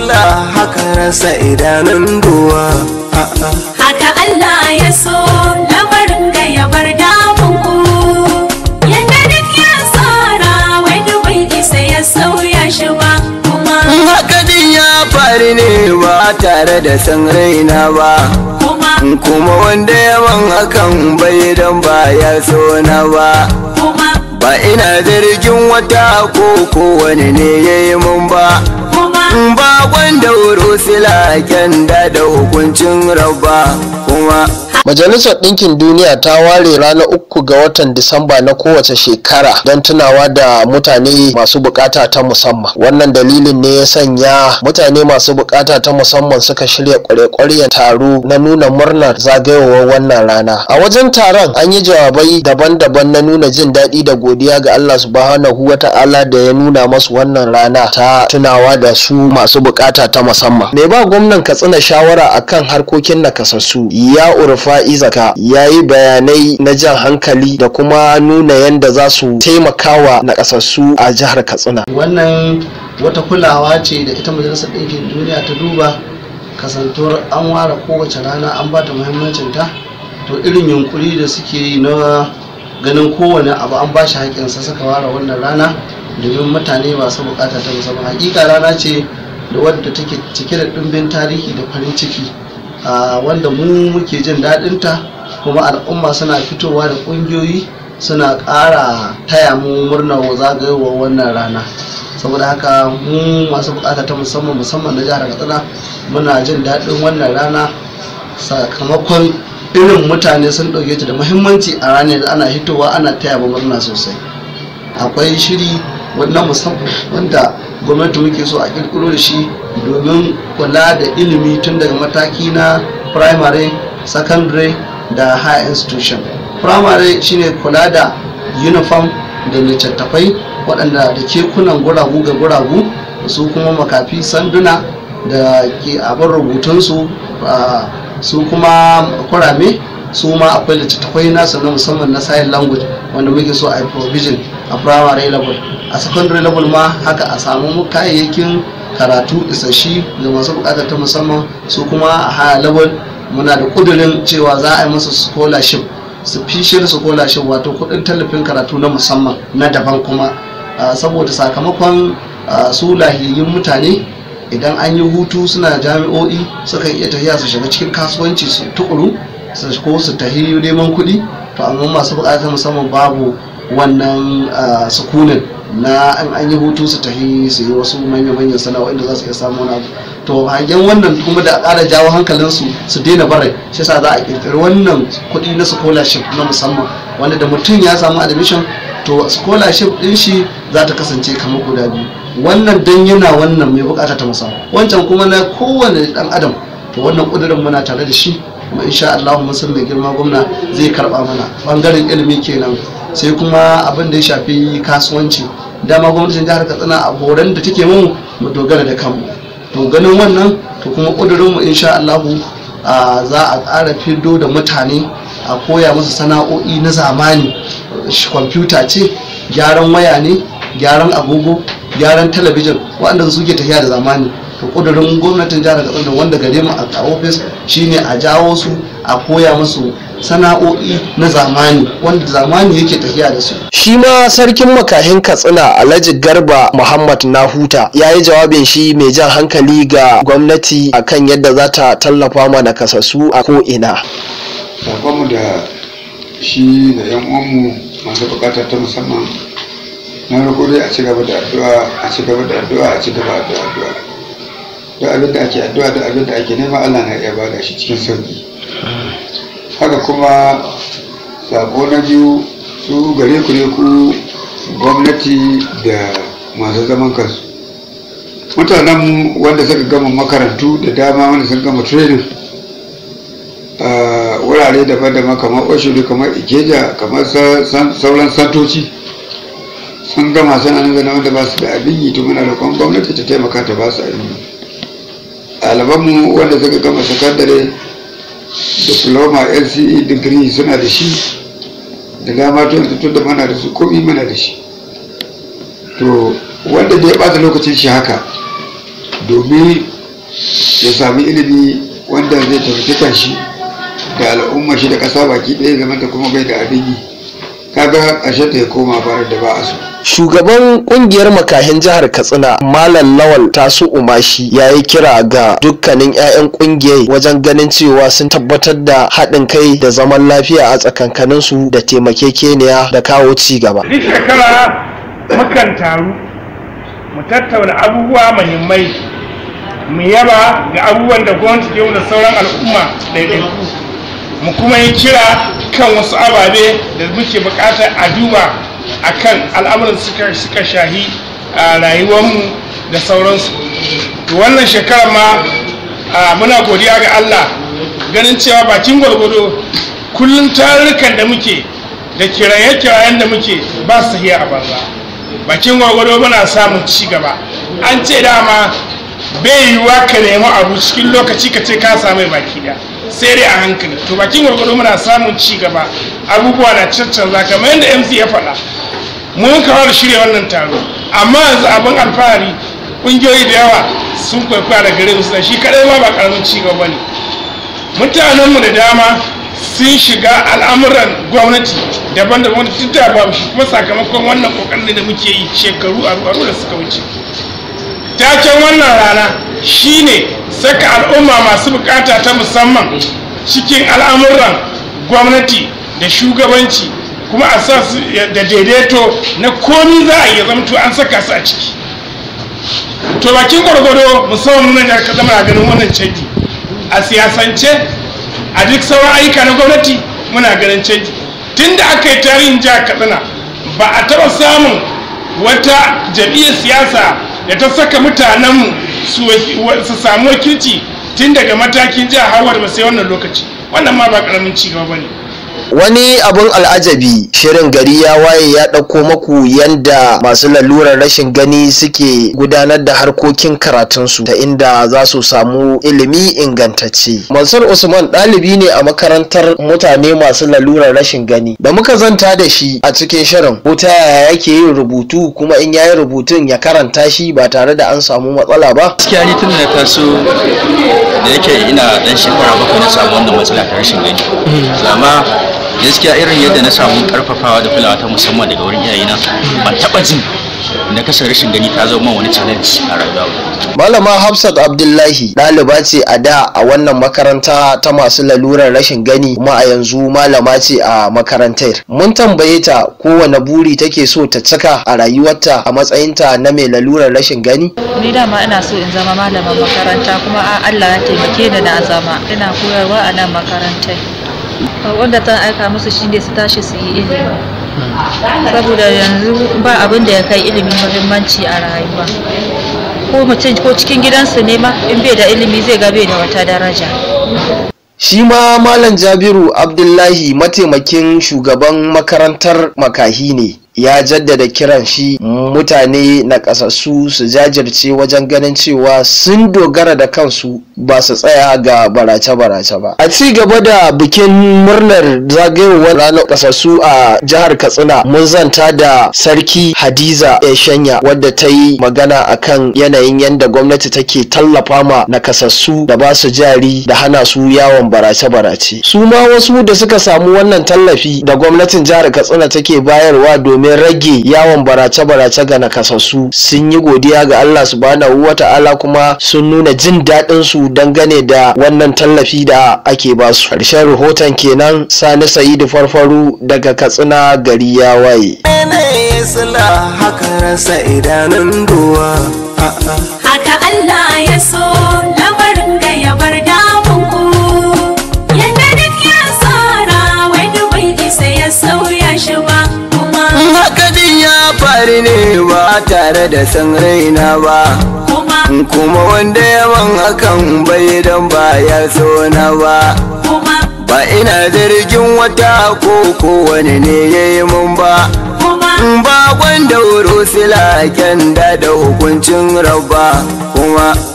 Allah haka rasa idanun duwa haka Allah ya so lamarin ga ya bar damun ku yadda duk ya tsara wani bai isa ya sauya shi ba kuma haka din ya faru ne ba tare da san raina ba kuma wanda yawan hakan bai dan ba ya so na ba ba ina zargin wata ko kowane ne ya yi mun ba bakon dauro silaken da da hukuncin rabba kuma Majalisar Ɗinkin Duniya ta ware ranar uku ga watan Disamba na kowace shekara don tunawa da mutane masu bukata ta musamman. Wannan dalilin ne ya sanya mutane masu bukata ta musamman suka shirya kware taro na nuna murnar zagayowar wannan rana. A wajen taron an yi jawabai daban-daban na nuna jin daɗi da godiya ga Allah subhanahu wa ta'ala da ya nuna masu wannan rana ta tunawa da su masu bukata ta musamman mai ba gwamnan katsina shawara akan harkokin nakasassu ya urfa izaka ya yi bayanai na jan hankali da kuma nuna yadda za su taimakawa nakasassu a jihar katsina wannan wata kulawa ce da ita majalisar Dinkin duniya ta duba kasantuwar an ware kowace rana an ba ta muhimmancinta to irin yunkuri da suke yi na ganin kowane abu an ba shi haƙƙinsa suka ware wannan rana domin mutane masu bukata ta musamman hakika rana ce da wadda take cike da ɗumbin tarihi da farin ciki wanda mu muke jin daɗinta kuma al'umma suna fitowa da ƙungiyoyi suna ƙara taya mu murnar zagayowar wannan rana saboda haka mu masu bukata ta musamman musamman na jihar katsina muna jin daɗin wannan rana sakamakon irin mutane sun ɗauke ta da muhimmanci a ranar da ana hitowa ana taya murna sosai akwai shiri wannan musamman wanda gwamnati muke so a kirkiro da shi domin kula da ilimi tun daga mataki na primary secondary da higher institution primary shine kula da uniform da littattafai waɗanda da kekunan guragu ga guragu su kuma makafi sanduna da ke abin rubutunsu su kuma kurame su ma akwai littattafai nasu na musamman na sign language wanda muke so a provision a primary level a secondary level ma haka a samu kayayyakin karatu isashi ga masu bukatar ta musamman su kuma a higher level muna da kudurin cewa za a yi masa scholarship special scholarship wato kudin tallafin karatu na musamman na daban kuma saboda sakamakon su lahiyin mutane idan an yi hutu suna jami'o'i sukan iya tafiya su shiga cikin kasuwanci su tukuru su ko su tafi neman kuɗi to amma masu bukatar musamman babu wannan sukunin na an an yi hutu su tafi su yi wasu manyan manyan sana'o'in da za su iya samu wani abu to hangen wannan kuma da ƙara jawo hankalinsu su daina barai shi sa za a ƙirƙiri wannan kuɗi na scholarship na musamman wanda da mutum ya samu admission to scholarship din shi za ta kasance kamar guda biyu wannan dan yana wannan mai bukata ta musamman wancan kuma na kowane dan adam to wannan kudirin muna tare da shi kuma insha Allah mun san mai girma gwamna zai karba mana bangaren ilimi kenan sai kuma abin da ya shafi kasuwanci dama gwamnatin jihar katsina a horon da take mu mu dogara da kanmu to ganin wannan to kuma ƙudurinmu insha Allah za a ƙara fido da mutane a koya musu sana'o'i na zamani kwamfuta ce gyaran waya ne gyaran agogo gyaran talabijin waɗanda suke tafiya da zamani to ƙudurin gwamnatin jihar katsina wanda gare mu a ofis shine a jawo su a koya musu sana'o'i na zamani wanda zamani yake tafiya da su. Shi ma sarkin makahin Katsina Alhaji Garba Muhammad Nahuta ya yi jawabin shi mai jan hankali ga gwamnati akan yadda za ta tallafa ma kasasu a ko'ina. Sakonmu da shi da 'yan uwanmu masu bukata ta musamman na rako dai a ci gaba da addu'a a ci gaba da addu'a a ci gaba da addu'a. Da abin da ake addu'a da abin da ake nema Allah na iya bada shi cikin sauki. haka kuma sako na biyu su gare ku ne ku gwamnati da masu zaman kansu mutanen wanda suka gama makarantu da dama wanda sun gama training a wurare daban-daban kamar oshiru kamar ikeja kamar sauran santoci sun gama suna nan zana wanda ba su da abin yi to muna roƙon gwamnati ta taimaka ta ba su abin yi ɗalibanmu wanda suka gama sakandare diploma lce degree suna da shi da dama tun da mana da su komi mana da shi to wanda da ya bata lokacin shi haka domin ya sami ilimi wanda zai tafi kanshi da al'umma shi da kasa baki ɗaya zama da kuma bai da abin yi kaga ashe ta ya koma farar da ba a so shugaban kungiyar makahin jihar katsina malam lawal tasu umashi ya yi kira ga dukkanin 'ya'yan kungiyar wajen ganin cewa sun tabbatar da haɗin kai da zaman lafiya a tsakankanin da taimakekeniya da kawo ci gaba duk shekara mukan taru mu tattauna abubuwa muhimmai mu yaba ga abubuwan da gwamnati ke da sauran al'umma ɗaiɗaiku mu kuma yi kira kan wasu ababe da muke buƙatar a duba akan al'amuran suka suka shahi a rayuwarmu da sauransu wannan shekarar ma muna godiya ga Allah ganin cewa bakin gwargwado kullum tarurrukan da muke da kiraye-kirayen da muke ba su hiya a banza bakin gwargwado muna samun ci gaba an ce dama bai yiwuwa ka nemi abu cikin lokaci ka ce ka samu baki da sai dai a hankali to bakin gwargwado muna samun ci gaba abubuwa na caccanza kamar yadda mc ya faɗa mun kawo da shirya wannan taro amma yanzu abin alfahari ƙungiyoyi da yawa sun kwaikwaya da gare su shi kaɗai ma ba ƙaramin ci gaba ne mutanenmu da dama sun shiga al'amuran gwamnati daban-daban da duk ba shi kuma sakamakon wannan ƙoƙarin da muke yi shekaru a ruwa da suka wuce taken wannan rana shine saka al'umma masu bukata ta musamman cikin al'amuran gwamnati da shugabanci kuma a sa su da daidaito na komi za a yi zamto an saka su a ciki to bakin gwargwado musamman na da ka zama ganin wannan canji a siyasance a duk sauran ayyuka na gwamnati muna ganin canji tun da aka yi tarihin jihar katsina ba a taɓa samun wata jam'iyyar siyasa da ta saka mutanenmu su samu wakilci tun daga matakin jihar harwar ba sai wannan lokaci wannan ma ba karamin cigaba ba ne wani abun al'ajabi shirin gari ya waye ya ɗauko maku yanda masu lalurar rashin gani suke gudanar da harkokin karatunsu ta inda za su samu ilimi ingantacce mansur usman ɗalibi ne a makarantar mutane masu lalurar rashin gani da muka zanta da shi a cikin shirin ko ta yaya yake yin rubutu kuma in ya yi rubutun ya karanta shi ba tare da an samu matsala ba gaskiya ni tun da taso da yake ina dan shekara bakwai na samu wannan matsala ta rashin gani mm. amma gaskiya irin yadda na samu karfafawa da kulawa ta musamman daga wurin iyayena ban taba jin na kasar rashin gani ta zama wani challenge a rayuwa malama hafsat abdullahi ɗaliba ce a da a wannan makaranta ta masu lalurar rashin gani kuma a yanzu malama ce a makarantar mun tambaye ta kowane buri take so ta cika a rayuwarta a matsayinta na mai lalurar rashin gani ni dama ina so in zama malaman makaranta kuma allah ya taimake da na zama ina koyarwa a nan makarantar wanda ta aika musu shi ne su tashi su yi ilimi saboda yanzu ba abin da ya kai ilimin muhimmanci a rayuwa ko mutum ko cikin gidansu ne ma in bai da ilimi zai ga bai da wata daraja shi ma malam jabiru abdullahi mataimakin shugaban makarantar makahi ne ya jaddada kiran shi mutane na kasassu su jajirce wajen ganin cewa sun dogara da kansu ba su tsaya ga barace-barace ba a ci gaba da bikin murnar zagayowar ranar kasassu a jihar katsina mun zanta da sarki hadiza shanya wadda ta yi magana a kan yanayin yadda gwamnati take tallafa ma nakasassu da ba su jari da hana su yawon barace-barace su ma wasu da suka samu wannan tallafi da gwamnatin jihar katsina take bayarwa domin domin rage yawon barace-barace ga nakasassu sun yi godiya ga Allah subhanahu wata'ala kuma sun nuna jin daɗin su dangane da wannan tallafi da ake ba su ƙarshen rahoton kenan sani sa'idu farfaru daga katsina gari ya waye haka Allah ya so kwari ne ba tare da san raina ba kuma wanda yawan hakan bai don ba ya so na ba ba ina zargin wata ko kowane ne ya yi mun ba ba gwanda wuro sila da hukuncin rabba kuma